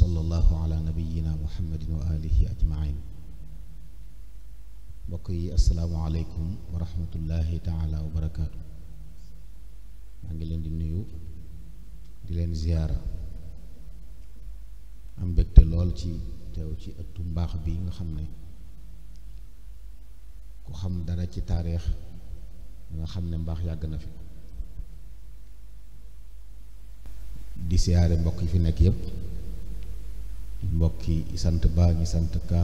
sallallahu ala nabiyyina muhammadin wa alihi ajmain mbokk yi asalaamualeykum wa rahmatullahi taala wa barakaatu maa ngi leen di nuyu di leen ziyaara am mbégte lool ci teew ci ëttu mbaax bi nga xam ne ku xam dara ci taarix nga xam ne mbaax yàgg na fi di siyaare mbokk yi fi nekk yépp mbokki sant baa ngi sant ka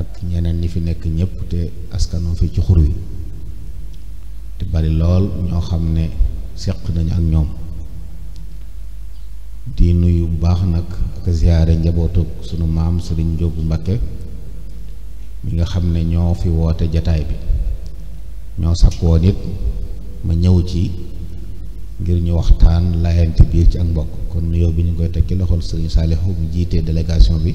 ak ñeneen ñi fi nekk ñépp te askanoo fi ci xur wi te bari lool ñoo xam ne seq nañu ak ñoom di nuyu bu baax nag ak ziyaare njabootu sunu maam Sëriñ Njóobu Mbakke mi nga xam ne ñoo fi woote jataay bi ñoo sakkoon it ma ñëw ci ngir ñu waxtaan layante biir ci ak mbokk kon nuyoo bi ñu koy teg ci loxol sëriñ Saalihu bu jiitee délégation bi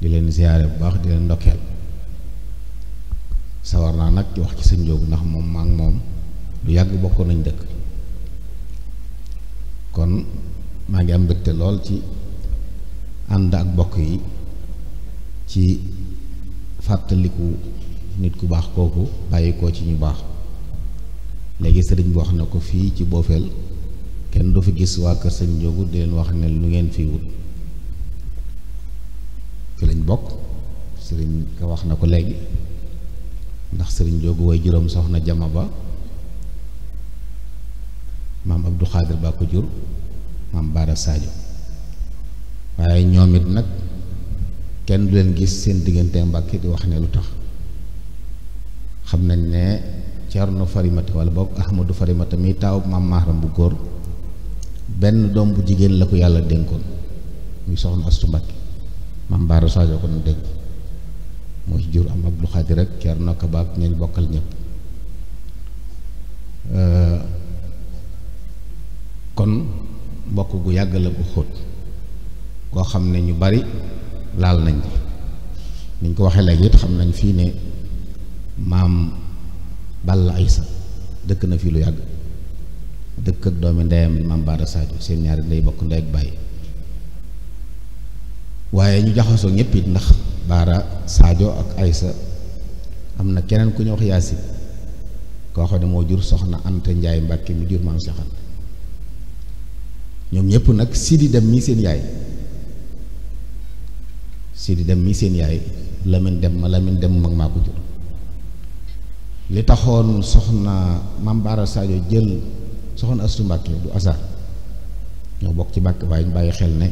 di leen ziyaare bu baax di leen ndokkeel sawar naa nag wax ci sëñ Jóob ndax moom maak moom lu yàgg bokkoon nañu dëkk kon maa ngi am mbégte lool ci ànd ak bokk yi ci fàttaliku nit ku baax kooku bàyyi koo ci ñu baax léegi sëriñ bi wax ne ko fii ci boofeel kenn du fi gis waa kër sëñ Njóogu di leen wax ne lu ngeen fi wut fi lañ bokk sëriñ wax na ko léegi ndax sëriñ Njóogu way juróom soxna jama ba maam Abdou Xaadir ba ko jur maam Baara Sadio waaye ñoom it nag kenn du leen gis seen diggante Mbàkke di wax ne lu tax xam nañ ne Cerno Farimata wala boog Ahmadu Farimata mi taaw maam Maaram bu góor benn doom bu jigéen la ko yàlla dénkoon muy soxna Astu Mbàkke maam Baara Sadio ko nu dénk moo ci jur am Abdou Xaadir rek Ceerno Kaba ak ñañ bokkal ñépp euh, kon mbokk gu yàgg la gu xóot koo xam ne ñu bari laal nañ ni ñu ko waxee léegi it xam nañ fii ne maam Balla Aysa dëkk na fii lu yàgg dëkk ak doomi ndeyam di maam Baara Sadio seen ñaari day bokk ndey ak bàyyi waaye ñu jaxasoo ñëpp ndax Baara Sadio ak Aysa am na keneen ku ñu wax Yaasin koo xam moo jur soxna Anta Njaay Mbàkke mi jur maam Seex ñoom ñëpp nag Sidi Dem mii seen yaay Sidi Dem mii seen yaay Lamin Dem ma Lamin Dem mag maa ko jur li taxoon soxna maam Baara Sadio jël soxna Astu Mbàkke du asar ñoo bokk ci Mbàkke waaye ñu bàyyi xel ne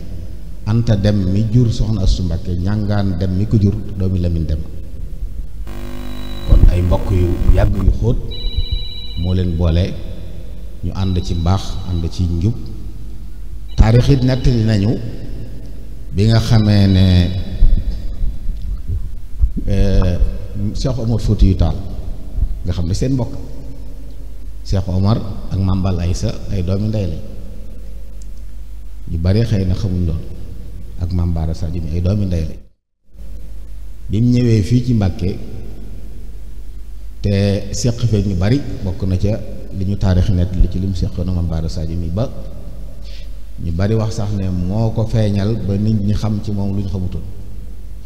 Anta Dem mi jur soxna Astu Mbàkke ñàngaan Dem mi ko jur doomi Lamin Dem kon ay mbokk yu yàgg yu xóot moo leen boole ñu ànd ci mbaax ànd ci njub taarix it nettali nañu bi nga xamee ne soxo eh, Cheikh Omar yu Tall nga xam ne seen mbokk Cheikh Omar ak Mame Balla Aïssa ay doomi ndey lañ ñu bari xëy na xamuñ lool ak Mame Bara Sadio mi ay doomi ndey lañ bi mu ñëwee fii ci Mbàkke te seq fee ñu bari bokk na ca li ñu taarix net li ci lim seqoon na Mame Bara Sadio ba ñu bari wax sax ne moo ko feeñal ba nit ñi xam ci moom lu ñu xamutoon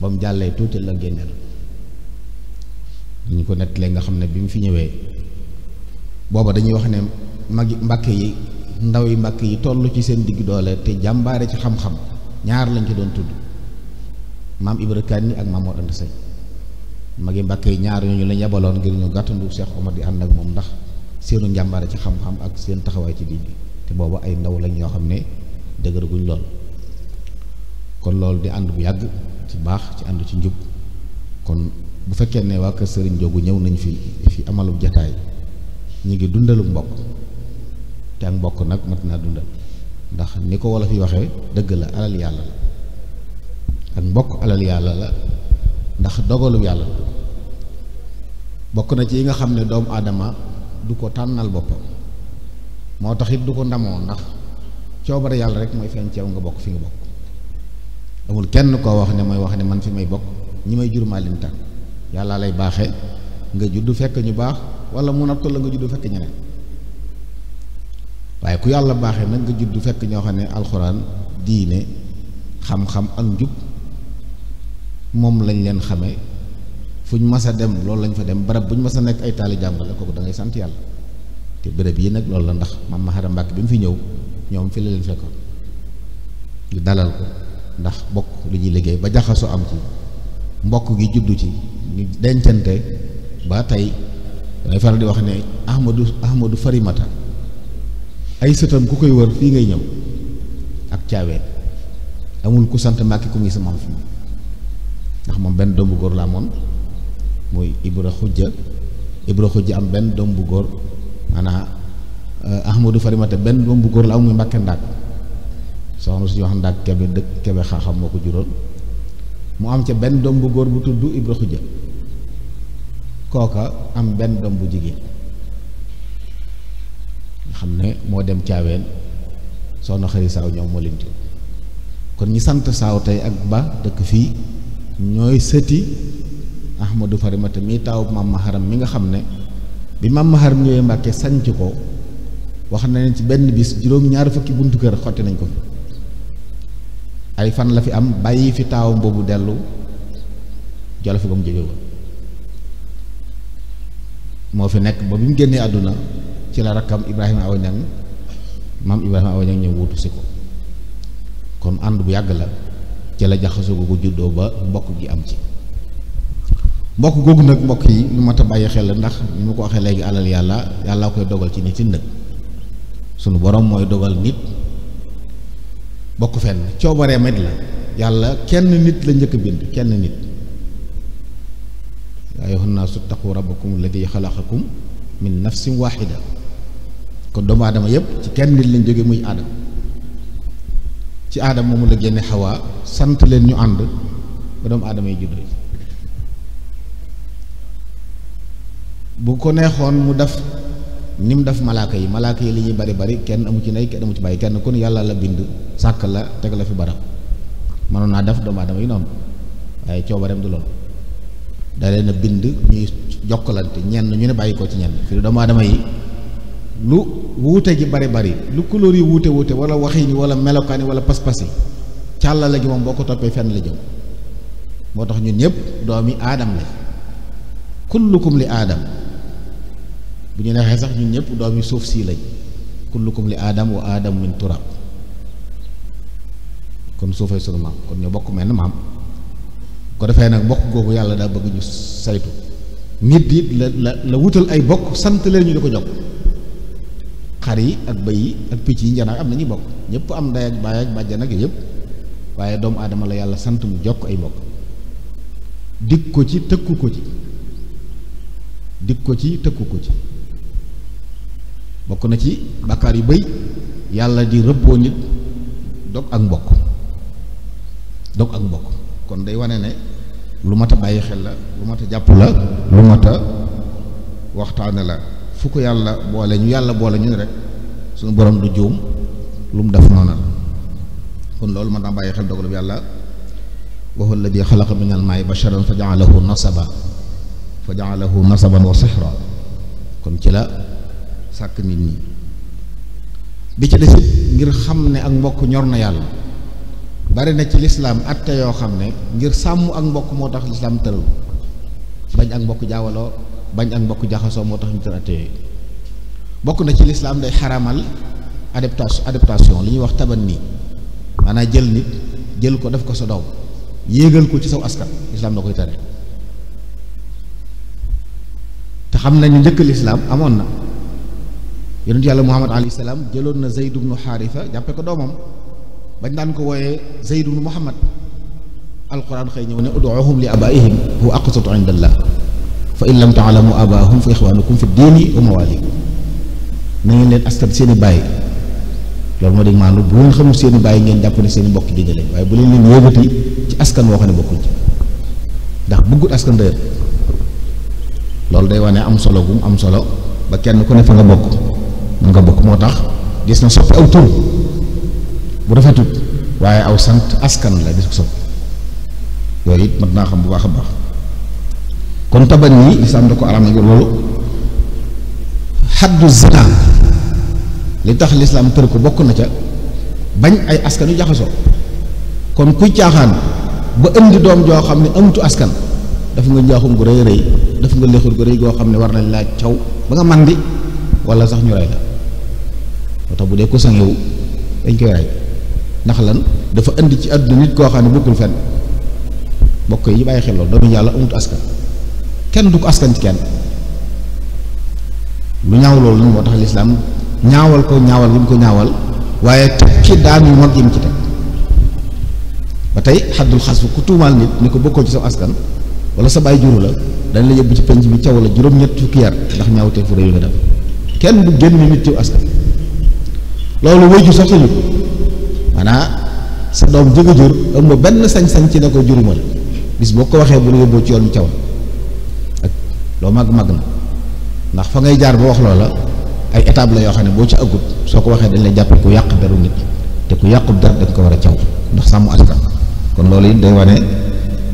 ba mu jàllee tuuti la génneel ñu ko nettalee nga xam ne bi mu fi ñëwee booba dañuy wax ne mag mbàkke yi ndaw yi mbàkke yi toll ci seen digg doole te jàmbaare ci xam-xam ñaar lañ ci doon tudd maam Ibra Kani ak maam Mor Anta Sali mbàkke yi ñaar ñooñu lañ yabaloon ngir ñu gàttandu Cheikh Omar di ànd ak moom ndax seenu njàmbaare ci xam-xam ak seen taxawaay ci diine te booba ay ndaw lañ yoo xam ne dëgëraguñ lool kon loolu di ànd bu yàgg ci baax ci ànd ci njub kon bu fekkee ne waa kër Serigne Diogu ñëw nañ fi fi amalu jataay ñu ngi dundalu mbokk te ak mbokk nag mat naa dundal ndax ni ko wolof yi waxe dëgg la alal yàlla la ak mbokk alal yàlla la ndax dogalu yàlla la bokk na ci yi nga xam ne doomu aadama du ko tànnal boppam moo tax it du ko ndamoo ndax coobare yàlla rek mooy feeñ ceew nga bokk fi nga bokk amul kenn koo wax ne mooy wax ne man fi may bokk ñi may jur maa yàlla lay baaxee nga juddu fekk ñu baax wala mu nattu la nga juddu fekk ñeneen waaye ku yàlla baaxee nag nga juddu fekk ñoo xam ne alxuraan diine xam-xam ak njub moom lañ leen xame fuñ mas a dem loolu lañ fa dem barab buñ mas a nekk ay taali jàngale kooku da dangay sant yàlla te bërëb yi nag loolu la ndax maam Mahara Mbàkke bi mu fi ñëw ñoom fi la leen fekkoon ñu dalal ko ndax bokk lu ñuy liggéey ba jaxasoo am ci mbokk gi juddu ci ñu dencante ba tey damay faral di wax ne ahmadu ahmadu farimata ay sëtam ku koy wër fii ngay ñëw ak caaween amul ku sant Mbàkke ku muy sa maam moom ndax moom benn doom góor la amoon muy ibra xujja ibra xujja am benn doom bu góor maanaam euh, ahmadu farimata benn doom bu góor la muy Mbàkke ndaag soxna suñu wax ndaag kebe dëkk kebe xaaxam moo ko juróon mu am ca benn doom bu góor bu tudd ibra xujja kooka am benn doom bu jigéen nga xam ne moo dem caaween soxna xëri saaw ñoom moo leen jur kon ñi sant saaw tey ak ba dëkk fii ñooy sëti ahmadu farimata mi taw ma maharam mi nga xam ne bi ma maharam ñëwee mbàkke sanc ko wax na ne ci benn bis juróom ñaar fukki buntu kër xotti nañ ko fi ay fan la fi am bàyyi fi taawam boobu dellu jolof ba mu jóge moo fi nekk ba bi mu génnee àdduna ci la rakkam Ibrahima Awa Niang maam Ibrahima Awa Niang ñëw wuutu si ko kon ànd bu yàgg la ci la jaxasoo googu juddoo ba mbokk gi am ci mbokk googu nag mbokk yi lu mat a bàyyi xel ndax ni ma ko waxee léegi alal yàlla yàllaa koy dogal ci nit yi nag sunu borom mooy dogal nit bokk fenn coobaree met la yàlla kenn nit la njëkk bind kenn nit yaa ayyuha nnaasu ttaqu la alladi xalaqakum min nafsin waaxida kon doomu aadama yépp ci kenn nit leen jóge muy aadama ci aadama mu la génne xawaa sant leen ñu ànd ba doomu aadama yi juddoo neexoon mu def ni def malaaka yi malaaka yi li ñuy bari bari kenn amu ci nay kenn amu ci bàyyi kenn kon yàlla la bind sàkk la teg la fi barab mënoon naa def doomu aadama yi noonu waaye coobareem du loolu da leen bind ñuy jokkalante ñenn ñu ne bàyyi ko ci ñenn fi doomu aadama yi lu wuute ji bare bari lu couleur yi wuute wuute wala waxi ni wala melokaani wala pas-pas yi càllale gi moom boo ko toppee fenn la jëm moo tax ñun ñëpp yi aadam la kullukum li aadam bu ñu neexee sax ñun doom yi suuf sii lañ kullukum li aadam wa aadam min turab kon suufay sunu maam kon ñoo bokk menn maam ko defee nag bokk googu yàlla daa bëgg ñu saytu nit it la la la wutal ay bokk sant leen ñu di ko jokk xar yi ak bëy yi ak picc yi njanaak am nañuy bokk ñëpp am ndey ak baay ak bàjjan ak yëpp waaye doomu aadama la yàlla sant mu jokk ay bokk dig ko ci tëkku ko ci dig ko ci tëkku ko ci bokk na ci bàkkaar yu bëy yàlla di rëbboo nit dog ak mbokk dog ak mbokk kon day wane ne lu mat a bàyyi xel la lu mat a jàpp la lu mat a waxtaane la fu ko yàlla boole ñu yàlla boole ñu rek suñu borom du juum lu mu def noonu la kon loolu mën naa bàyyi xel dogalub yàlla wa la alladi xalaqa min al maa'i basharan fa ja'alahu nasaba fa ja'alahu nasaban wa sihra kon ci la sàkk nit ñi bi ci desit ngir xam ne ak mbokk ñor na yàlla bari na ci lislaam atte yoo xam ne ngir sàmm ak mbokk moo tax lislaam tëral bañ ak mbokk jaawaloo bañ ak mbokk jaxasoo moo tax ñu tër atte bokk na ci lislaam day xaramal adaptation adaptation li ñuy wax taban nii maanaam jël nit jël ko def ko sa doom yéegal ko ci saw askan lislaam da koy tere te xam nañu njëkk lislaam amoon na yonent yàlla muhammad alayhi salaam jëloon na zeyd ibnu xaarisa jàppe ko doomam bañ daan ko wooyee Zayd ibn Muhammad alquran xëy ñëw ne uduuhum li abaihim huwa aqsatu inda allah fa in lam taalamu abaahum fa ixwaanukum fi diini wa mawaalikum na ngeen leen askan seen i baay loolu moo di maandu bu ngeen xamul seeni i baay ngeen jàpp ne seen i mbokk dina waaye bu leen leen yóbbati ci askan woo xam ne bokkuñ ci ndax bëggut askan dëgër loolu day wane am solo gum am solo ba kenn ku ne fa nga bokk nga bokk moo tax gis na soppi aw tur bu rafetut waaye aw sant askan la di ko sopp yooyu it mat naa xam bu baax a baax kon taban yi lislaam da ko araam nañ ko loolu xaddu zina li tax lislaam tër ko bokk na ca bañ ay askan yu jaxasoo kon kuy caaxaan ba indi doom joo xam ne amutu askan daf nga njaaxum gu rëy rëy daf nga léexul gu rëy goo xam ne war nañ laaj caw ba nga màndi wala sax ñu rey la moo bu dee ko sangewu dañ koy rey ndax lan dafa indi ci àdduna nit koo xam ne bokkul fenn bokk yi bàyyi xel loolu doomu yàlla amut aska kenn du ko askan ci kenn lu ñaaw loolu nag moo tax lislaam ñaawal ko ñaawal gi mu ko ñaawal waaye teg ci daan yu mag yi mu ci teg ba tey xaddul xas fu ku tuumaal nit ni ko bokkoo ci sa askan wala sa baay juru la dañ la yóbbu ci penc bi caw la juróom-ñett fukki yar ndax ñaawtee fu réew nga def kenn du génn nit ci aska loolu wéy ju sax sañu maanaa sa doom jëga jur amul benn sañ-sañ ci ne ko jurimal bis boo ko waxee bu la yóbboo ci yoonu caw ak loo màgg-màgg na ndax fa ngay jaar ba wax loola ay étape la yoo xam ne boo ci agut soo ko waxee dañ lay jàppal ku yàq deru nit te ku yàqut dara dañ ko war a caw ndax sàmm askan kon loolu it day wane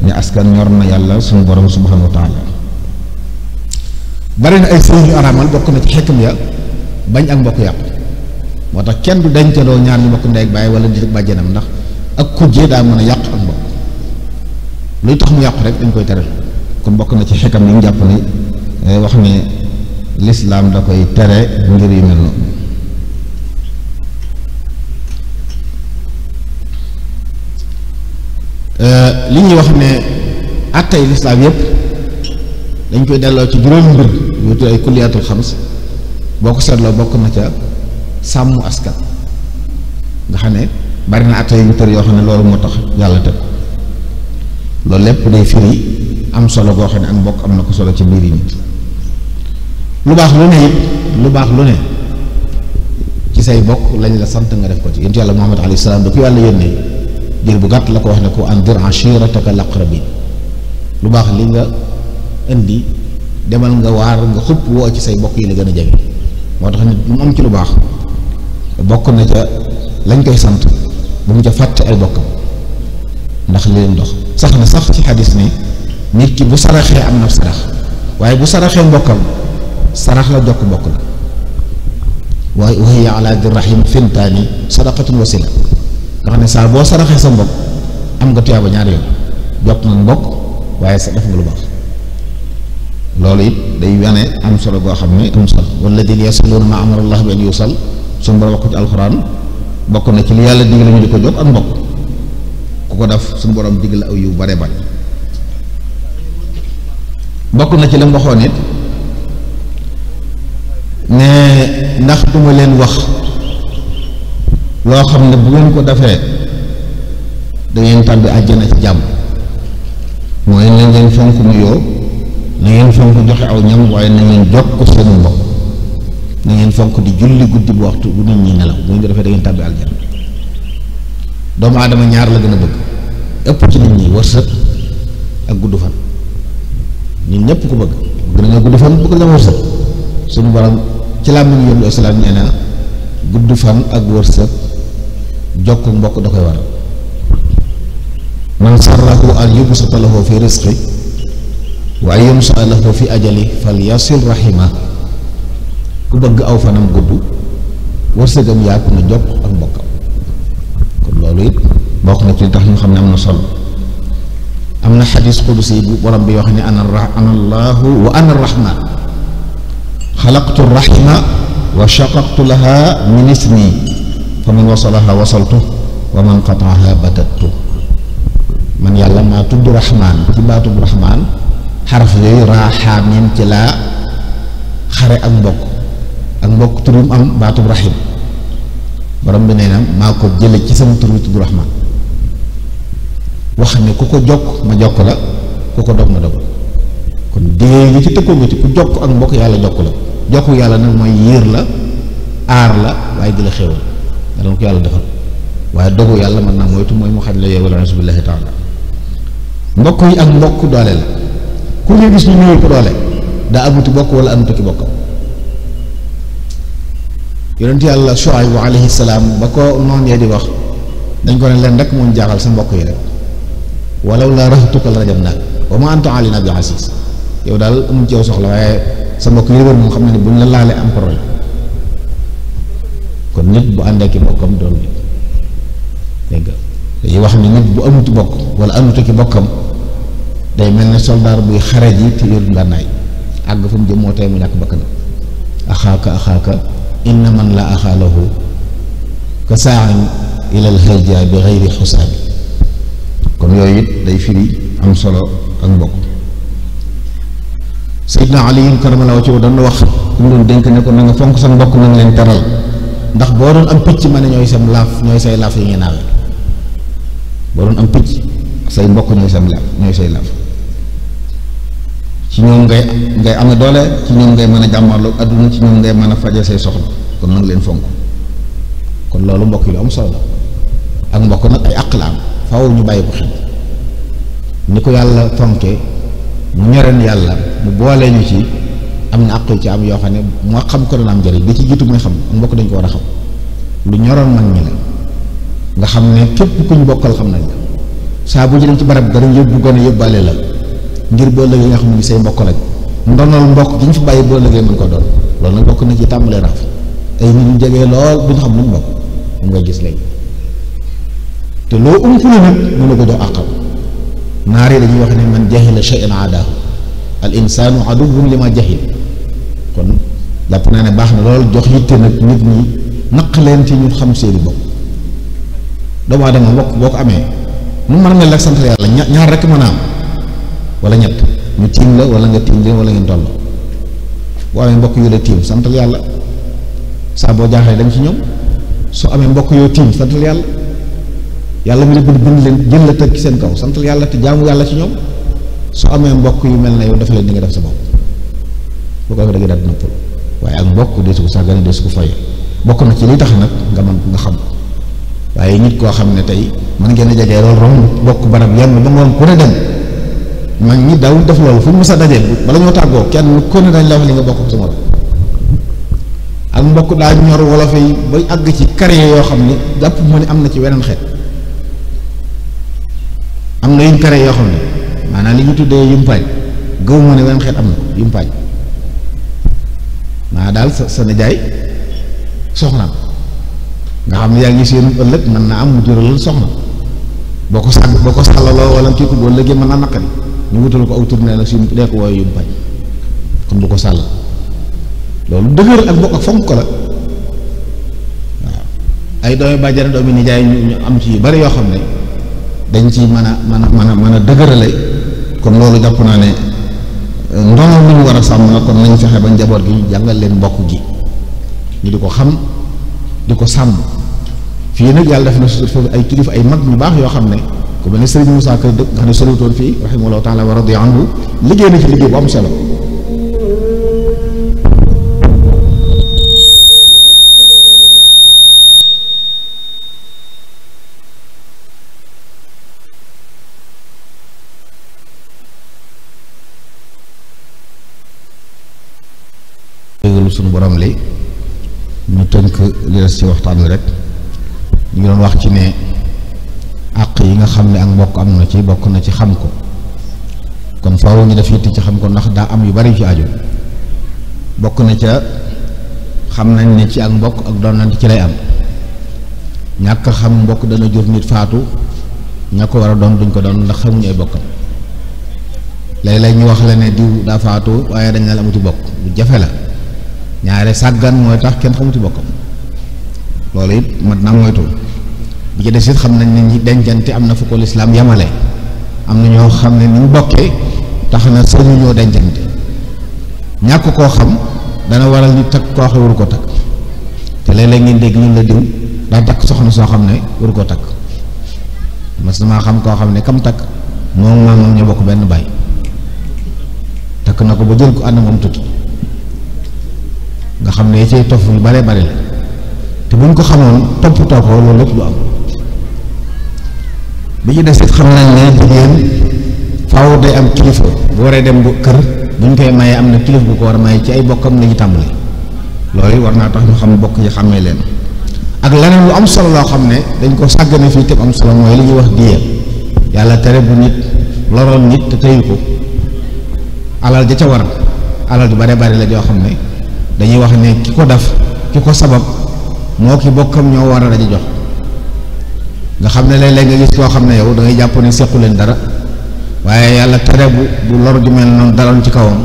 ne askan ñor na yàlla suñu borom subhanahu wa taala bari na ay sëriñ araamal bokk na ci xekkam ya bañ ak mbokk yàqu moo tax kenn du dencaloo ñaar ñu bokk ndey ak baay wala di bàjjanam ndax ak kujje daa mën a yàq ak mbokk luy tax mu yàqu rek dañ koy tere kon bokk na ci xikam yi ñu jàpp ne eh, wax ne lislaam da koy tere ngir yu eh, li ñuy wax ne attay lislaam yépp dañ koy delloo ci juróom mbir yu tudd ay kulliyatul xams boo ko seetloo bokk na ca sàmm askan nga xam ne bari na atta yu tër yoo xam ne loolu moo tax yàlla tëkk loolu lépp day firi am solo goo xam ne ak mbokk am na ko solo ci mbir yi nit lu baax lu ne lu baax lu ne ci say bokk lañ la sant nga def ko ci yonentu yàlla Muhammad alayhi salaam da ko yàlla yónnee jël bu gàtt la ko wax ne ko andir ashirataka laqrabin lu baax li nga indi demal nga waar nga xupp woo ci say bokk yi la gën a jege moo tax nit mu am ci lu baax bokk na ca lañ koy sant bu mu ca fàtte ay bokkam ndax li leen dox sax na sax ci xadis ni nit ki bu saraxee am na sarax waaye bu saraxee mbokkam sarax la jokk mbokk la waaye wa hiya ala di rahim fintaani sadaqatun ne saa boo saraxee sa mbokk am nga tuyaaba ñaari yoon mbokk waaye sa def nga lu baax loolu solo goo xam ne am solo wala di yasluuna ma amara allah bi an yusal su borom wax ko ci alxuraan bokk na ci li yàlla digal ñu di ko jox ak mbokk ku ko def suñu borom digal aw yu bare bare bokk na ci la mu waxoon it ne ndax du leen wax loo xam ne bu ngeen ko defee dangeen ngeen tàbbi àjjana ci jàmm mooy na ngeen fonk nuyoo na ngeen fonk joxe aw ñam waaye na ngeen jokk seen mbokk na ngeen fonk di julli guddi bu waxtu bu nit ñi nelaw bu ngeen ko defee da tàbbi aljana doomu aadama ñaar la gën a bëgg ëpp ci nit ñi wërsëg ak gudd fan ñun ñëpp ko bëgg bëgg nañoo gudd fan bëgg ci làmmiñ yoon gudd fan ak wërsëg jokk mbokk da koy waral man sarrahu an yubsata lahu fi rizqi wa an yumsa lahu fi ajali fal yasil ku bëgg aw fanam gudd wërsëgam yàqu na jokk ak mbokkam kon loolu it bokk na ci tax xam ne am na solo am na xadis qudusi bu borom bi wax ne ana ana allahu wa ana arrahman xalaqtu rahima wa shaqaqtu laha min ismi fa man wasalaha wasaltu wa man qataaha batattu man yàlla maa tudd rahmaan ci baatub rahmaan xaraf yooyu raaxaamim ci laa xare ak mbokk ak mbokk tur mu am baatub rahim borom bi nee na maa ko jële ci sama tur wi tudd rahman wax ne ku ko jokk ma jokk la ku ko dog ma dog kon déggee ngi ci tëkkoo nga ci ku jokk ak mbokk yàlla jokk la yàlla nag mooy yiir la aar la waaye di yàlla defal waaye yàlla mën naa moytu mooy mu xañ la yow wala yi ak mbokk doole la ku ñu gis ñu néew ko doole daa amuti bokk wala amuti bokkam yonent yàlla Shuayb alayhi salaam ba ko noon yee di wax dañ ko ne leen rek moom jaaxal sa mbokk yi rek walaw laa rahtuka la rajamnaak wa ma anta alaynaa bi yow daal soxla waaye sa mbokk yi xam na ne buñ la laalee am problème kon bu ànd ak mbokkam doon nit dégg nga wala amuti ki bokkam day mel ni soldaar buy xare ji te yor ngànnaay àgg fa mu jëm moo tey mu ñàkk bakkanam axaaka axaaka inna man la axaalahu ka saaxin ilal xëjaa bi xëyri xusaabi kon yooyu it day firi am solo ak mbokk Seydina Aliyun karamallahu wajhahu doon wax ku mu doon dénk ne ko na nga fonk sa mbokk na leen teral ndax boo doon am picc ma ne ñooy sam laaf ñooy say laaf yi ngeen naawe boo doon am picc say mbokk ñooy sam laaf ñooy say laaf ci ñoom ngay ngay amee doole ci ñoom ngay mën a jàmmarloo adduna ci ñoom ngay mën a faje say soxla kon nag leen fonk kon loolu mbokk yi lu am solo ak mbokk nag ay àq la ñu bàyyi ko xel ni ko yàlla fonke mu mu boole ñu ci am na àq ci am yoo xam ne moo xam ko doon am njëriñ bi ci jiitu mooy xam ak mbokk dañ ko war a xam lu ñoroon mag ñi la nga xam ne képp ku ñu bokkal xam nañ la saa bu ñu dem ci barab gën a yóbbu gën a la. ngir boo ëllëgee nga xam ne say mbokk lañ ndonal mbokk gi ñu fi bàyyi boo ëllëgee mën ko doon loolu nag bokk na ci tàmbalee raaf ay nit ñu jegee lool bu ñu xam lu mu bokk ñu nga gis léegi loo umpule nag mën na ko wax ne man jahila shay'an adaahu al insaanu aduwwun li ma jahil naa ne baax na lool jox yitte nag nit naq leen ci ñu xam seeni bokk doomu aadama bokk boo ko amee nu mën a mel rek sant yàlla ñaar rek mën wala ñett ñu tiim la wala nga tiim leen wala ngeen toll boo amee mbokk yu la tiim santal yàlla saa boo jaaxlee dem ci ñoom soo amee mbokk yoo tiim yàlla yàlla mi la bind bind leen la teg ci seen kaw santal yàlla te jaamu yàlla ci ñoom soo amee mbokk yu mel ne yow dafa leen di nga def sa bopp boo ko defee da na daal waaye ak mbokk deesu ko sàggane deesu ko fay bokk na ci li tax nag nga mën nga xam waaye nit koo xam ne tey mën ngeen a jege loolu romb bokk barab yenn ba moom ku ne dem mag ñi daw def loolu fu ñu mës a dajee bala ñoo tàggoo kenn kon ne dañ la li nga bokk sama ak mbokk daal ñor wolof yi bay àgg ci carrière yoo xam ne jàpp ma ne am na ci weneen xeet am na yuñ yoo xam ne maanaam li ñu tuddee yumpaañ gëw ma ne am na ko daal sa sa xam ne yaa ngi seen ëllëg mën naa am mu jural soxna boo ko sàgg boo ko wala kii ko boo léegi mën naa naqari ñu wutal ko aw tournée nag suñ dee ko waaye yóbbu kon du ko sàll loolu dëgër ak bokk ak fonk ko la waaw ay doomi bàjjan doomi nijaay ñu am ci yu bari yoo xam ne dañ ci mën a mën a mën a dëgërale kon loolu jàpp naa ne euh, ndono lu war a sàmm na kon nañ fexe ba njaboot gi ñu jàngal leen mbokk gi ñu di ko xam di ko sàmm fii nag yàlla def na su foofu ay kilifa ay mag ñu baax yoo xam ne ku mel ne Serigne Moussa Ka dëkk nga xam ne fii rahimahullahu taala wa radiya anhu liggéey na ci liggéey bu am solo. déglu sunu borom li ñu tënk li des waxtaan wi rek ñu doon wax ci ne. yi nga xam ne ak mbokk am na ci bokk na ci xam ko kon faaw ñu def yitte ci xam ko ndax daa am yu bari yu ci aju bokk na ca xam nañ ne ci ak mbokk ak doon ci lay am ñàkk xam mbokk dana jur nit faatu ña ko war a doon duñ ko doon ndax xamuñu ay bokkam léeg-léeg ñu wax la ne diw daa faatu waaye dañ la amuti bokk bu jafe la ñaare sàggan mooy tax kenn xamuti bokkam loolu it mat naa moytu bi ci des it xam nañ ne ñi dencante am na fu ko lislaam yamale am na ñoo xam ne ni ñu bokkee tax na sañu ñoo dencante ñàkk koo xam dana waral ñu takk koo xam waru ko takk te léeg-léeg ngeen dégg ñun la diw daa takk soxna soo xam ne waru koo takk mas damaa xam koo xam ne kam takk moom maamam ñoo bokk benn baay takk na ko ba jël ko ànd moom tudd nga xam ne yi cay bare bare la te bu ñu ko xamoon toppatoo ko loolu lépp lu am bi ñu def it xam nañ ne jigéen faaw day am kilifa bu waree dem bu kër bu ñu koy mayee am na kilifa bu ko war a maye ci ay bokkam la ñu tàmbali loolu war naa tax ñu xam bokk yi xàmmee leen ak leneen lu am solo loo xam ne dañ ko sàggane fii tëb am solo mooy li ñuy wax diya yàlla tere bu nit loroon nit te teyu ko alal ja ca war alal ju bare bare la joo xam ne dañuy wax ne ki ko def ki ko sabab moo ki bokkam ñoo war a daje jox nga xam ne léeg-léeg nga gis koo xam ne yow da ngay jàpp ne sequ leen dara waaye yàlla tere bu bu lor ju mel noonu daloon ci kawam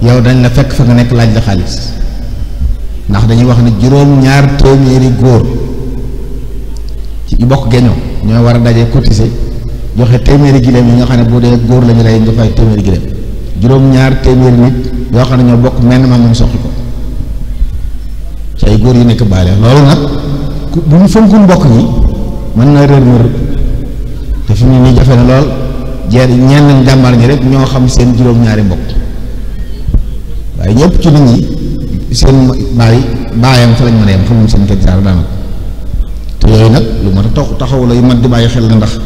yow dañ la fekk fa nga nekk laaj la xaalis ndax dañuy wax ne juróom-ñaar téeméeri góor ci bokk geñoo ñooy war a daje cotiser joxe téeméeri gileem yi nga xam ne bu dee góor la ñu rey nga fay téeméeri gileem juróom-ñaar téeméeri nit yoo xam ne ñoo bokk menn maam moom soxla ko ci góor yu nekk baale loolu nag bu ñu fonkoon bokk ñi mën na réer mër te fi mu ne nii jafe na lool jeer ñenn jàmbaar ñi rek ñoo xam seen juróom-ñaari mbokk waaye ñëpp ci nit ñi seen baay baayam fa lañ mën a yem fa mu seen teg jaar daanaka yooyu nag lu mat a taxaw la yu mat di bàyyi xel na ndax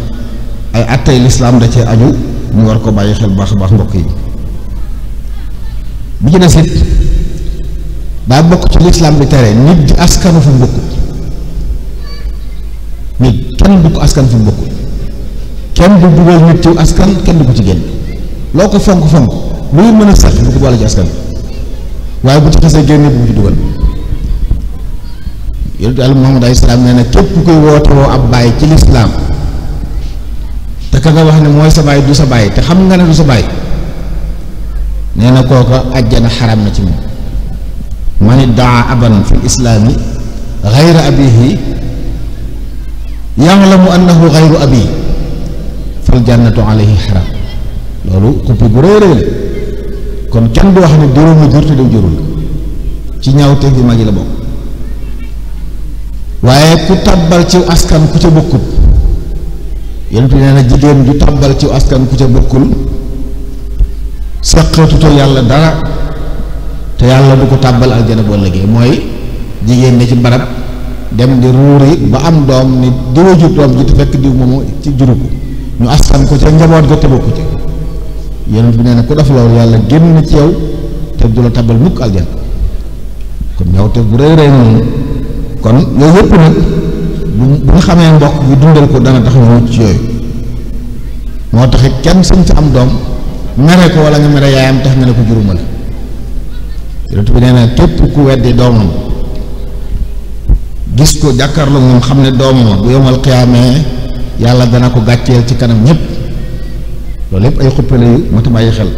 ay attey da cee aju ñu war ko bàyyi xel baax a baax mbokk yi ci des daa bokk ci lislaam bi tere nit di askanu fa mbokk kenn du askan fi mu kenn du dugal nit ci askan kenn du ko ci génn loo ko fonk fonk lu muy mën a sax bu ko boole ci askan waaye bu ci xasee génne bu mu ci dugal yonent Yàlla Muhammad alayhi salaam nee na képp koy woote woo ab baay ci lislaam te ka nga wax ne mooy sa baay du sa baay te xam nga ne du sa baay nee na kooka ajjana xaram na ci moom man iddaa aban fi islaami xayra abihi yaalamu annahu xayru abi fal jannatu alayhi xaram loolu xuppi bu rëy rëy la kon kenn du wax ne juróoma jur te diw jurul ci ñaaw teg yu mag yi la bokk waaye ku tàbbal ci askan ku ca bokkul yonent nee na jigéen ju tàbbal ci askan ku ca bokkul saqatutoo yàlla dara te yàlla du ko tàbbal aljana boo léegi mooy jigéen ne ci barab dem di ruuri ba am doom ni diwa jur doom ji te fekk diw moomu ci juru ko ñu askan ko ca njaboot ga te bokku ci yonent bi nee na ku def loolu yàlla génn ci yow te du la tabal mukk aljan kon ñaw te bu rëy rëy noonu kon yooyu yëpp nag bu ñu xamee mbokk bi dundal ko dana tax ñu mucc yooyu moo tax kenn sañ sa am doom mere ko wala nga mere yaayam tax nga ne ko juruma la yonent bi nee na képp ku weddi doomam gis ko jàkkaarloo moom xam ne doomam bu yomal xiyaamee yàlla dana ko gàcceel ci kanam ñépp loolu yépp ay xuppale yu mat a bàyyi xel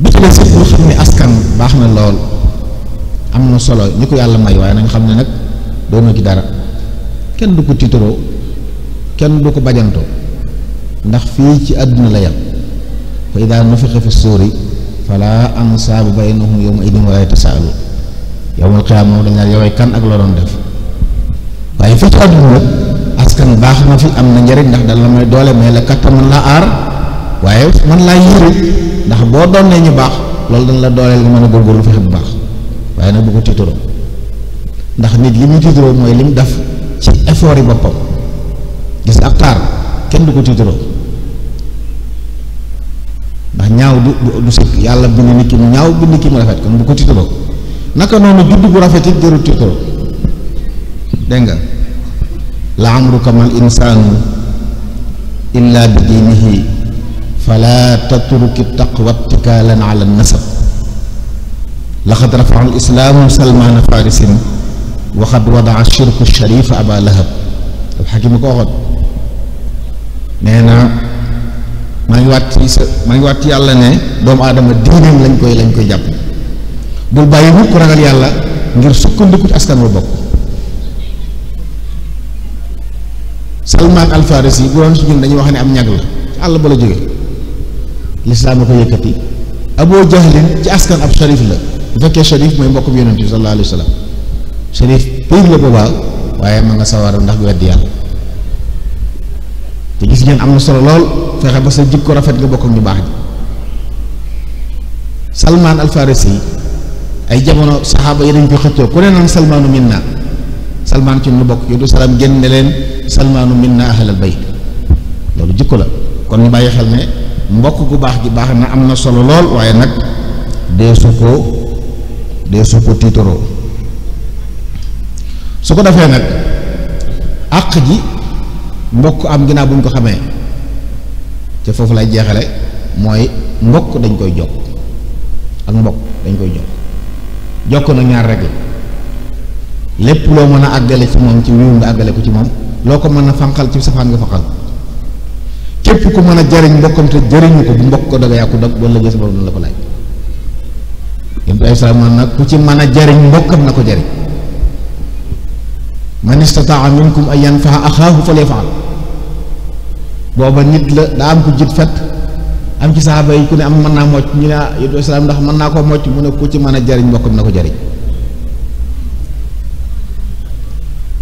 bi ci des baax na lool am na solo ñu ko yàlla may waaye nañ xam ne nag doona ci dara kenn du ko tiitaroo kenn du ko bajantoo ndax fii ci àdduna la yam fa idaa nufixa fi suuri fala ansaaba baynahum yawma idin wala yatasaalu yow ma xiyaam moom dañ naan yoway kan ak loo doon def waaye fii ci àdduna nag askan baax na fi am na njëriñ ndax dal la may doole may la kattan mën laa aar waaye mën laa yëre ndax boo doon doonee ñu baax loolu dañ la dooleel nga mën a lu fexe bu baax waaye nag bu ko tiituroo ndax nit li muy tiituroo mooy lim def ci effort boppam gis ab taar kenn du ko tiituroo ndax ñaaw du du sëkk yàlla bind nit ki mu ñaaw bind ki mu rafet kon bu ko tiituroo naka noonu judd bu rafet it jëru tiitaroo dégg la amruka mal insaanu illa bi diinihi fala tatruki taqwa tikaalan ala nasab laqad rafahu lislaamu salmaana farisin waxad wadaa shirku sharifa aba lahab alxakim ko waxoon nee na maa ngi wàtt ci sa maa yàlla ne doomu aadama diineem lañ koy lañ koy jàpp bul bàyyi mukk ragal yàlla ngir sukkandiku ci askan wu bokk Salman Al Farisi bu doon ñun dañuy wax ne am ñag la àll bala la jóge lislaam a ko yëkkati Abu Jahlin ci askan ab sharif la bu fekkee sharif mooy mbokk bi yonent bi sallallahu alayhi wa sallam waaye ma nga sawara ndax weddi yàlla te gis ngeen am na solo lool fexe ba sa jikko rafet nga bokk ñu baax ji Salman ay jamono saxaaba yi dañ koy xëccoo ku ne naan salmaanu minna salmaan ci nu bokk yooyu salaam génn ne leen salmaanu minna ahlal bayt loolu jikko la kon ñu bàyyi xel ne mbokk bu baax gi baax na am na solo lool waaye nag dee su ko dee su tiitoroo su ko defee nag àq ji mbokk am ginnaaw bu ko xamee te foofu lay jeexale mooy mbokk dañ koy jokk ak mbokk dañ koy jokk jokk na ñaar rek la lépp loo mën a àggale ci moom ci wiw nga àggale ko ci moom loo ko mën a fanqal ci safaan nga fanqal képp ku mën a jariñ mbokkam te jariñu ko bu mbokk ko daga yàqu dog wala gës la ko laaj yonent ay salaam nag ku ci mën a jariñ mbokkam na ko jariñ man istataa minkum an yanfa'a axaahu falyaf'al booba nit la daa am ko jit fett am ci saxaaba yi ku ne am mën naa mocc ñu ne ah yéen salaam ndax mën naa koo mocc mu ne ku ci mën a jariñ mbokkam na ko jariñ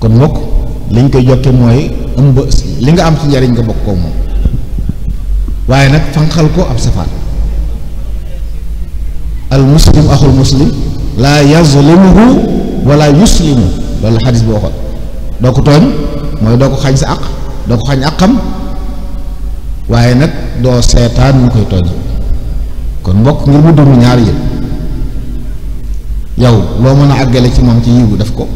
kon mbokk li koy jokke mooy ëmb nga am ci njariñ nga bokk ko moom waaye nag fanqal ko ab safaan al muslim axul muslim laa yazlimuhu wala yuslimu loolu la xadis bi doo ko tooñ mooy doo ko xañ sa aq doo ko xañ aqam waaye nag doo seetaan ñu koy tooñe kon mbokk ngir mu dund ñaar yëpp yow loo mën a àggale ci moom ci yiwu def ko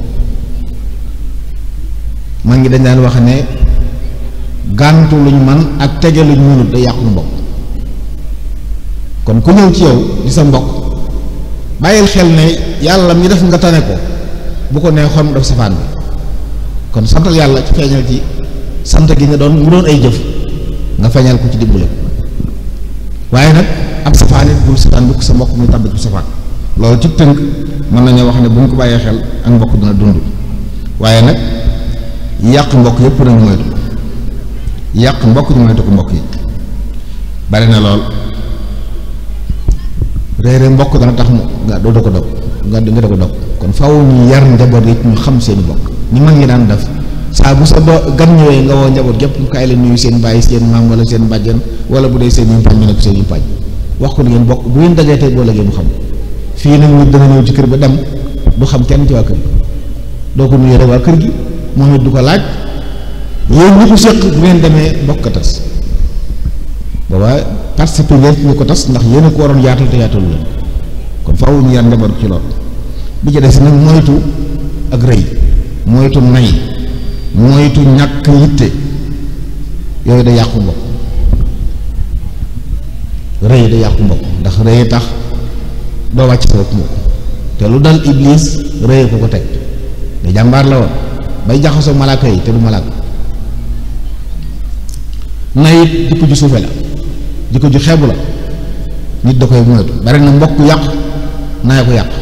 ma ngi dañ daan wax ne gàntu luñ man ak tege luñ mënut da yàqul mbokk kon ku ñëw ci yow di sa mbokk bàyyil xel ne yàlla mi def nga tane ko bu ko neexoon def safaan bi kon santal yàlla ci feeñal ci sant gi nga doon mu doon ay jëf nga feeñal ko ci dimbale waaye nag am safaan it bul setaan bukk sa mbokk muy tàbbi ci safaan loolu ci tënk mën nañoo wax ne bu ñu ko bàyyee xel ak mbokk dina dund waaye nag yàq mbokk yëpp nañu moytu yàq mbokk ñu moytu ko mbokk yi bari na lool réere mbokk dana tax mu nga doo ko dog nga nga da ko dog kon faw ñu yar njaboot yi ñu xam seeni mbokk ñu mag ñi daan def saa bu sa ba gan ñëwee nga woo njaboot gépp ñu kaay leen nuyu seen bàyyi seen maam wala seen bàjjan wala bu dee seen i mpañ ñu ne ko wax ko ne ngeen bokk bu ngeen dajee tey boole ngeen xam fii nag nit dana ñëw ci kër ba dem du xam kenn ci waa kër ko nuyu rek waa kër gi moom it du laaj yéen ñi ko bu ngeen demee bokk ko tas boobaa participer ngeen ci ko tas ndax yéen a ko waroon te yaatal leen kon faaw ñu yar ci lool bi ci des nag moytu ak rëy moytu nay. moytu ñàkk yitte yooyu da yàqu mbokk rëy da yàqu mbokk ndax rëy tax doo wàcc sa bopp te lu dal iblis rëy ko ko teg da jàmbaar la woon bay jaxasoo malaaka yi te du malaaka nayit jikko ju suufe la jikko ju xeebu la nit da koy moytu bari na mbokk yàqu nay ko yàqu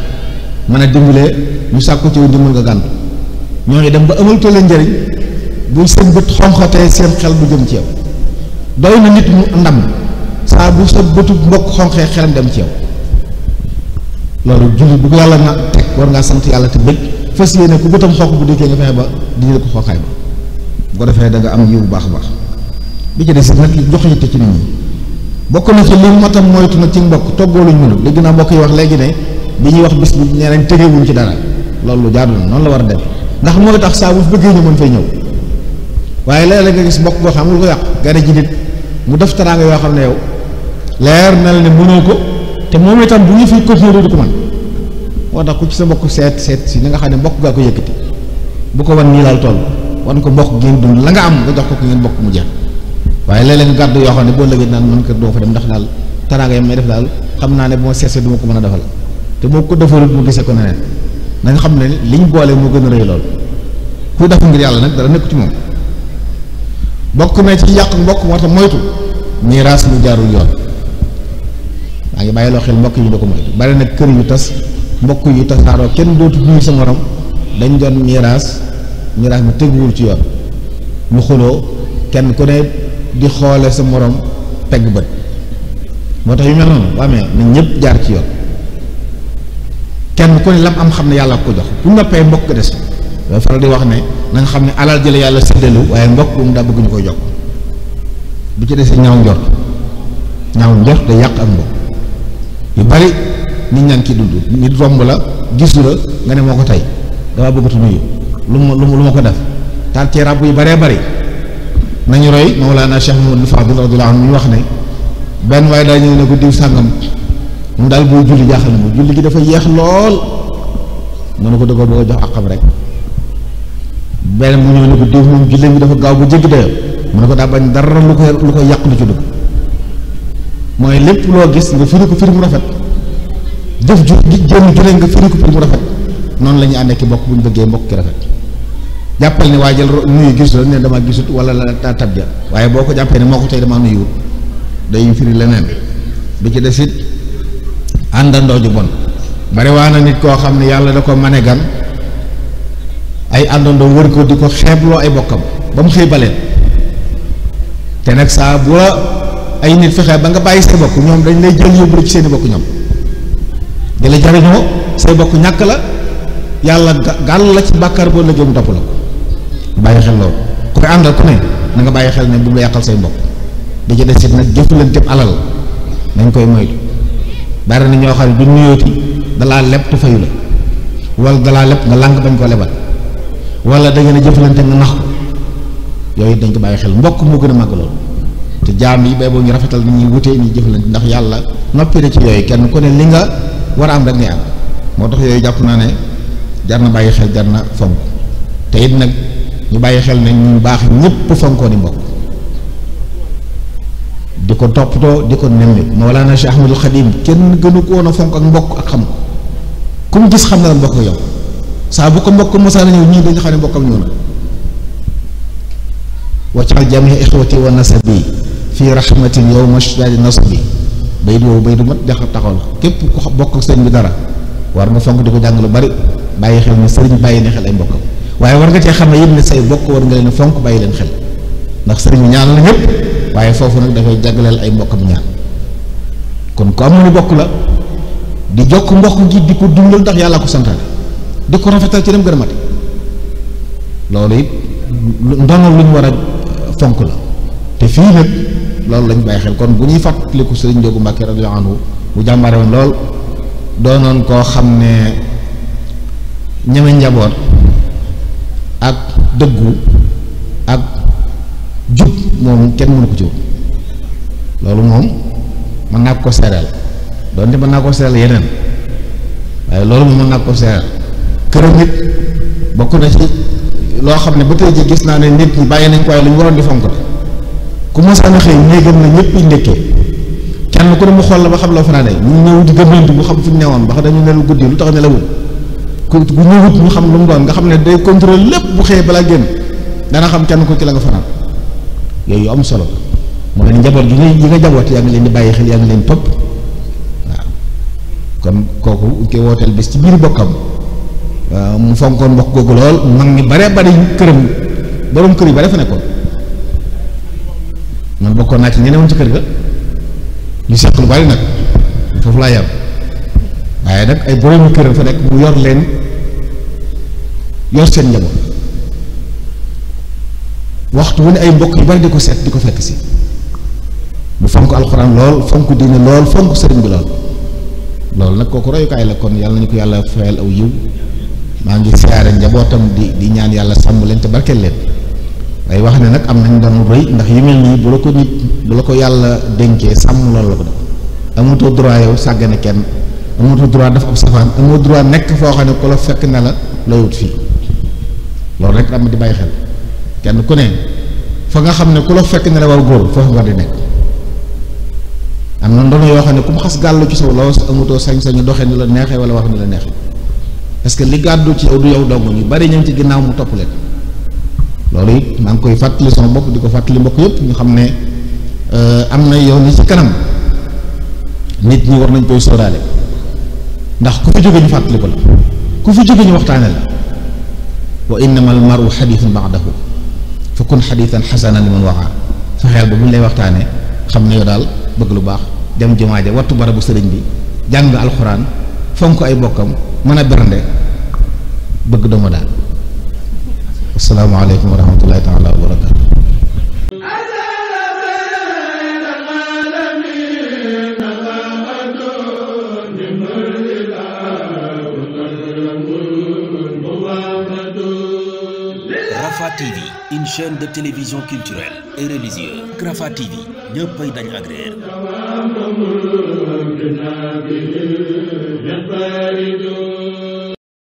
mën a dimbalee ñu sàkku ci ndimbal nga gàntu ñoo ngi dem ba amalutoo la njëriñ bu seen bët xonqatee seen xel bu jëm ci yow doy na nit mu ndam saa bu sa bëtu mbokk xonqee xelam dem ci yow loolu julli bu ko yàlla na teg war ngaa sant yàlla te bëgg fas yéene ku bëtam xonq bu dikkee nga fexe ba dina ko xonqaay ba boo defee da nga am yiw bu baax baax bi ci des nag jox yitte ci nit ñi bokk na ci li matam moytu na ci mbokk toggoo luñ mënul li gën a mbokk yi wax léegi ne bi ñuy wax bis bu ñeneen ci dara loolu jaadu na noonu la war a demee ndax mooy tax saa bu bëggee ñu mën fay ñëw waaye léeg nga gis mbokk boo xam lu ko yàq gane ji nit mu def teraanga yoo xam ne yow leer na ne mënoo ko te moom itam bu ñu fi continuer du ko mën moo ci sa mbokk seet seet si na nga xam ne mbokk gaa ko yëkkati bu ko wan nii laal toll wan ko mbokk ngeen dund la nga am nga jox ko ko ngeen mbokk mu jeex waaye léeg-léeg nga gàddu yoo xam ne boo lëgee naan man doo fa dem ndax daal teraanga yam may def daal xam naa ne bu ma seet du ma ko mën a defal te boo ko defalut mu gisee ko neneen na xam ne liñ boole moo gën a rëy lool kuy dafa ngir yàlla nag dara nekk ci moom bokk na ci yàq mbokk moo tax moytu miiraas lu jaarul yoon maa ngi bàyyiloo xel mbokk yi da ko moytu bari nag kër yu tas mbokk yu tasaaroo kenn dootu duñu sa morom dañ doon miiraas miiraas bi teguwul ci yoon ñu xuloo kenn ku ne di xoole sa moroom pegg bët moo tax yu mel noonu waa mais nañ ñëpp jaar ci yoon kenn ku lam am xam ne yàlla ko jox bu noppee mbokk des dafa faral di wax ne na xam ne alal jële yàlla séddalu waaye mbokk bu mu daa bëgg ñu koy jokk bu ci desee ñaaw njort ñaaw njort day yàq ak mbokk yu bari nit ñaan ki dund nit romb la gisu la nga ne moo ko tey damaa bëggatu nuyu lu ma lu ma ko def taal ci ràbb yu baree bari nañu roy Mawlaana Cheikh Mouhamadou Fadil radiyallahu anhu ñu wax ne benn waaye daa ñëw ne ko diw sàngam mu daal booy julli jaaxal na ma julli gi dafa yeex lool mu ne ko da ko jox àqam rek beneen mu ñëw ne ko diw moom julli bi dafa gaaw bu jéggi dayoo mu ne ko daa bañ dara lu koy lu koy yàq lu ci dugg mooy lépp loo gis nga firi ko firi mu rafet jëf ju jéem nga firi ko firi mu rafet noonu la ñuy ànd ki mbokk bu ñu bëggee mbokk ki rafet jàppal ne waa jël nuyu gis la ne damaa gisut wala la tab ja waaye boo ko jàppee ne moo ko tey damaa nuyuwut day firi leneen bi ci àndandoo ju bon bari waa na nit koo xam ne yàlla da ko mane gan ay àndandoo wër ko di ko xeebloo ay bokkam ba mu xiibaleen te nag saa bu ay nit fexe ba nga bàyyi say bokk ñoom dañ lay jël yóbbu ci seeni bokk ñoom jariñoo say bokk ñàkk la yàlla gàll la ci bàkkaar boo la jëm topp la ko bàyyi xel loolu ku koy àndal ku ne na nga bàyyi xel ne bu mu la yàqal say mbokk da ci des it nag jëflanteem alal nañ koy moytu bari na ñoo xam ne du nuyooti dalaa leb te fayu la wala dalaa leb nga lànk bañ ko lebal wala da ngeen a jëflante nga nax ko yooyu dañ ko bàyyi xel mbokk moo gën a màgg loolu te jaam yi ba boo ñu rafetal ni ñuy wutee ni jëflante ndax yàlla noppi na ci yooyu kenn ku ne li nga war am rek ngay am moo tax yooyu jàpp naa ne jar na bàyyi xel jar na fonk te it nag ñu bàyyi xel ne ñu baax ñëpp fonkoon i mbokk di ko toppatoo di ko nemmeeku Mawlaana Cheikh Ahmadul Xadim kenn gënu ko woon a fonk ak mbokk ak xam ko ku gis xam na la mbokk yow saa bu ko mbokk mosaan a ñëw ñii dañu xam ne mbokkam na waccaal jamii ixwati wa nasabi fii rahmatin yow mashtadi nasbi bay boobu bay du mat jax taxaw la képp ku bokk ak sëñ bi dara war nga fonk di ko jàng lu bari bàyyi xel ne sëriñ bàyyi na xel ay mbokkam waaye war nga cee xam ne yëpp ne say bokk war nga leen fonk bàyyi leen xel ndax sëriñ ñaanal ñëpp waaye foofu nag dafay jagleel ay mbokkam ñaan kon ko am lu bokk la di jokk mbokk gi di ko dundal ndax yàlla ko santaane di ko rafetal ci dem gën a mate loolu it ndono lu ñu war a fonk la te fii nag loolu lañ bàyyi xel kon bu ñuy fàttaliku sëriñ Njóogu Mbàkke radiyallaahu anhu bu jàmbaare woon lool doonoon koo xam ne ñeme njaboot ak dëggu moom kenn mënu ko ci loolu moom mën naa ko seereel donte mën naa ko seereel yeneen waaye loolu moom mën naa ko seereel këram it bokk na ci loo xam ne ba tey gis naa ne nit ñi bàyyi nañ ko waaye lu ñu waroon di fonk ku mosaan xëy néegam na ñëpp ñu ndékkee kenn ku ne mu xool la ba xam loo fanaane ñu ñëw di gëmlante bu xam fu ñu newoon ba xam dañu nelu guddi lu tax ne la wut ku ñëwut ñu xam lu mu doon nga xam ne day contrôle lépp bu xëyee balaa génn dana xam kenn ku ci la nga fanaan yooyu am solo la mooy njaboot gi ngay yi nga jaboot yaa ngi leen di bàyyi xel yaa ngi leen topp waaw kon kooku uñ wooteel bis ci biir bokkam mu fonkoon mbokk googu lool mag ñi bare bare këram borom kër yi bare fa nekkoon man bokkoon naa ci ñenewoon ci kër ga ñu seq lu bari nag foofu laa yam waaye nag ay borom këram fa nekk mu yor leen yor seen njaboot waxtu wu ne ay mbokk yu bari di ko seet di ko fekk si mu fonk alxuraan lool fonk diine lool fonk sëriñ bi lool loolu nag kooku royukaay la kon yàlla nañu ko yàlla fayal aw yiw maa ngi siyaare njabootam di di ñaan yàlla sàmm leen te barkeel leen waaye wax ne nag am nañ doon rëy ndax yu mel nii bu la ko nit bu la ko yàlla denkee sàmm loolu la ko def amatoo droit yow sàggane kenn amatoo droit dafa ab safaan amoo droit nekk foo xam ne ku la fekk na la looy wut fii loolu rek am di bàyyi xel. kenn ku ne fa nga xam ne ku la fekk ne la war góor foofu nga di nekk am na ndono yoo xam ne ku mu xas gàllu ci saw lawas amutoo sañ-sañu doxee ni la neexee wala wax ni la neexee parce que li gàddu ci yow du yow dong ñu bari ñam ci ginnaaw topp leen loolu maa ngi koy fàttali sama bopp di ko fàttali mbokk yëpp ñu xam ne euh, am na yoon yi ci kanam nit ñi war nañ koy sóoraale ndax ku fi jóge ñu fàttali ko la ku fi jóge ñu waxtaane la wa innama al maru xadithun ba'dahu fa kun xadiisan xasanan li man waxaa fexeel ba bu ñu lay waxtaanee xam ne yow daal bëgg lu baax dem jumaa ja wattu barabu sëriñ bi jàng alxuraan fonk ay bokkam mën a bernde bëgg doomu daal asalaamaaleykum wa rahmatullahi taala wa barakatu une chaîne de télévision culturelle et religieuse Rafah TV ñëppay dañ